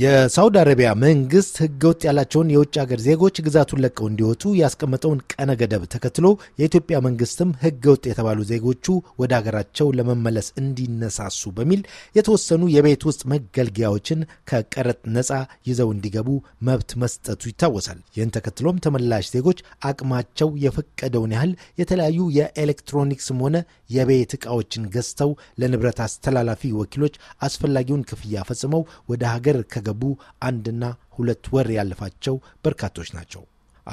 የሳውዲ አረቢያ መንግስት ህገወጥ ያላቸውን የውጭ ሀገር ዜጎች ግዛቱን ለቀው እንዲወጡ ያስቀመጠውን ቀነ ገደብ ተከትሎ የኢትዮጵያ መንግስትም ህገወጥ የተባሉ ዜጎቹ ወደ ሀገራቸው ለመመለስ እንዲነሳሱ በሚል የተወሰኑ የቤት ውስጥ መገልገያዎችን ከቀረጥ ነፃ ይዘው እንዲገቡ መብት መስጠቱ ይታወሳል። ይህን ተከትሎም ተመላሽ ዜጎች አቅማቸው የፈቀደውን ያህል የተለያዩ የኤሌክትሮኒክስም ሆነ የቤት እቃዎችን ገዝተው ለንብረት አስተላላፊ ወኪሎች አስፈላጊውን ክፍያ ፈጽመው ወደ ሀገር ከተገቡ አንድና ሁለት ወር ያለፋቸው በርካቶች ናቸው።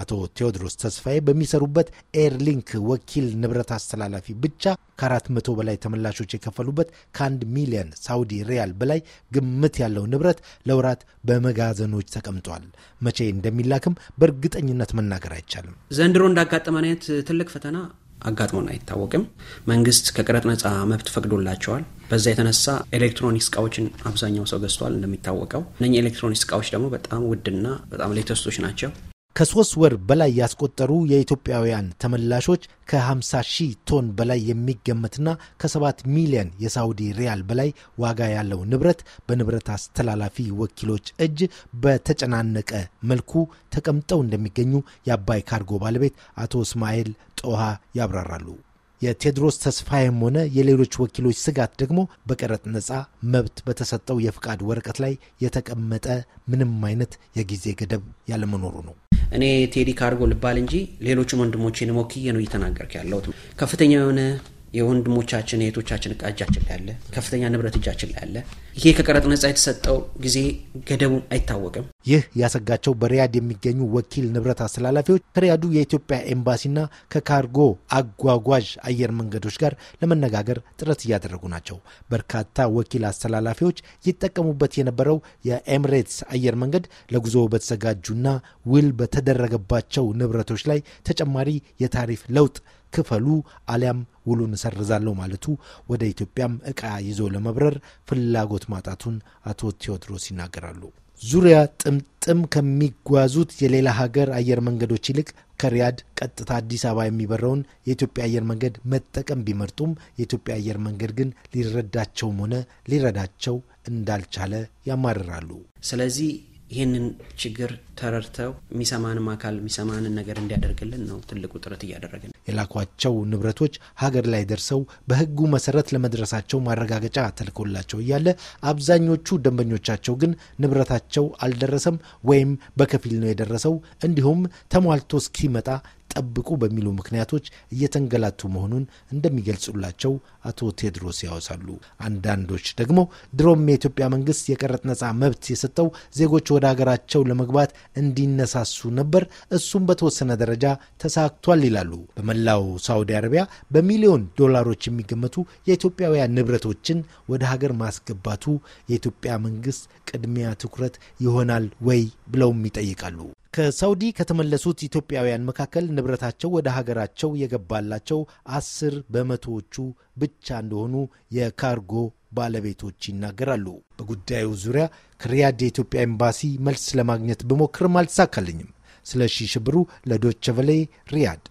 አቶ ቴዎድሮስ ተስፋዬ በሚሰሩበት ኤርሊንክ ወኪል ንብረት አስተላላፊ ብቻ ከአራት መቶ በላይ ተመላሾች የከፈሉበት ከአንድ ሚሊዮን ሳውዲ ሪያል በላይ ግምት ያለው ንብረት ለወራት በመጋዘኖች ተቀምጧል። መቼ እንደሚላክም በእርግጠኝነት መናገር አይቻልም። ዘንድሮ እንዳጋጠመን አይነት ትልቅ ፈተና አጋጥሞን አይታወቅም። መንግስት ከቅረጥ ነጻ መብት ፈቅዶላቸዋል። በዛ የተነሳ ኤሌክትሮኒክስ እቃዎችን አብዛኛው ሰው ገዝቷል። እንደሚታወቀው እነ ኤሌክትሮኒክስ እቃዎች ደግሞ በጣም ውድና በጣም ሌተስቶች ናቸው። ከሶስት ወር በላይ ያስቆጠሩ የኢትዮጵያውያን ተመላሾች ከ50 ሺህ ቶን በላይ የሚገመትና ከ7 ሚሊዮን የሳውዲ ሪያል በላይ ዋጋ ያለው ንብረት በንብረት አስተላላፊ ወኪሎች እጅ በተጨናነቀ መልኩ ተቀምጠው እንደሚገኙ የአባይ ካርጎ ባለቤት አቶ እስማኤል ጦሃ ያብራራሉ። የቴድሮስ ተስፋዬም ሆነ የሌሎች ወኪሎች ስጋት ደግሞ በቀረጥ ነፃ መብት በተሰጠው የፍቃድ ወረቀት ላይ የተቀመጠ ምንም አይነት የጊዜ ገደብ ያለመኖሩ ነው። እኔ ቴዲ ካርጎ ልባል እንጂ ሌሎችም ወንድሞቼን ወክዬ ነው እየተናገርክ ያለሁት። ከፍተኛ የሆነ የወንድሞቻችን የቶቻችን እቃ እጃችን ላይ ከፍተኛ ንብረት እጃችን ላይ አለ ይሄ ከቀረጥ ነጻ የተሰጠው ጊዜ ገደቡ አይታወቅም። ይህ ያሰጋቸው በሪያድ የሚገኙ ወኪል ንብረት አስተላላፊዎች ከሪያዱ የኢትዮጵያ ኤምባሲና ከካርጎ አጓጓዥ አየር መንገዶች ጋር ለመነጋገር ጥረት እያደረጉ ናቸው። በርካታ ወኪል አስተላላፊዎች ይጠቀሙበት የነበረው የኤምሬትስ አየር መንገድ ለጉዞ በተዘጋጁና ውል በተደረገባቸው ንብረቶች ላይ ተጨማሪ የታሪፍ ለውጥ ክፈሉ አሊያም ውሉን እሰርዛለሁ ማለቱ ወደ ኢትዮጵያም ዕቃ ይዞ ለመብረር ፍላጎት ማጣቱን አቶ ቴዎድሮስ ይናገራሉ። ዙሪያ ጥምጥም ከሚጓዙት የሌላ ሀገር አየር መንገዶች ይልቅ ከሪያድ ቀጥታ አዲስ አበባ የሚበረውን የኢትዮጵያ አየር መንገድ መጠቀም ቢመርጡም የኢትዮጵያ አየር መንገድ ግን ሊረዳቸውም ሆነ ሊረዳቸው እንዳልቻለ ያማርራሉ። ስለዚህ ይህንን ችግር ተረድተው የሚሰማንም አካል የሚሰማንን ነገር እንዲያደርግልን ነው ትልቁ ጥረት ነው። የላኳቸው ንብረቶች ሀገር ላይ ደርሰው በሕጉ መሰረት ለመድረሳቸው ማረጋገጫ ተልኮላቸው እያለ አብዛኞቹ ደንበኞቻቸው ግን ንብረታቸው አልደረሰም ወይም በከፊል ነው የደረሰው እንዲሁም ተሟልቶ እስኪመጣ ጠብቁ በሚሉ ምክንያቶች እየተንገላቱ መሆኑን እንደሚገልጹላቸው አቶ ቴድሮስ ያወሳሉ። አንዳንዶች ደግሞ ድሮም የኢትዮጵያ መንግስት የቀረጥ ነጻ መብት የሰጠው ዜጎች ወደ ሀገራቸው ለመግባት እንዲነሳሱ ነበር፣ እሱም በተወሰነ ደረጃ ተሳክቷል ይላሉ። በመላው ሳውዲ አረቢያ በሚሊዮን ዶላሮች የሚገመቱ የኢትዮጵያውያን ንብረቶችን ወደ ሀገር ማስገባቱ የኢትዮጵያ መንግስት ቅድሚያ ትኩረት ይሆናል ወይ ብለውም ይጠይቃሉ። ከሳውዲ ከተመለሱት ኢትዮጵያውያን መካከል ንብረታቸው ወደ ሀገራቸው የገባላቸው አስር በመቶዎቹ ብቻ እንደሆኑ የካርጎ ባለቤቶች ይናገራሉ። በጉዳዩ ዙሪያ ከሪያድ የኢትዮጵያ ኤምባሲ መልስ ለማግኘት ብሞክርም አልተሳካልኝም። ስለሺ ሽብሩ ለዶቸ ሪያድ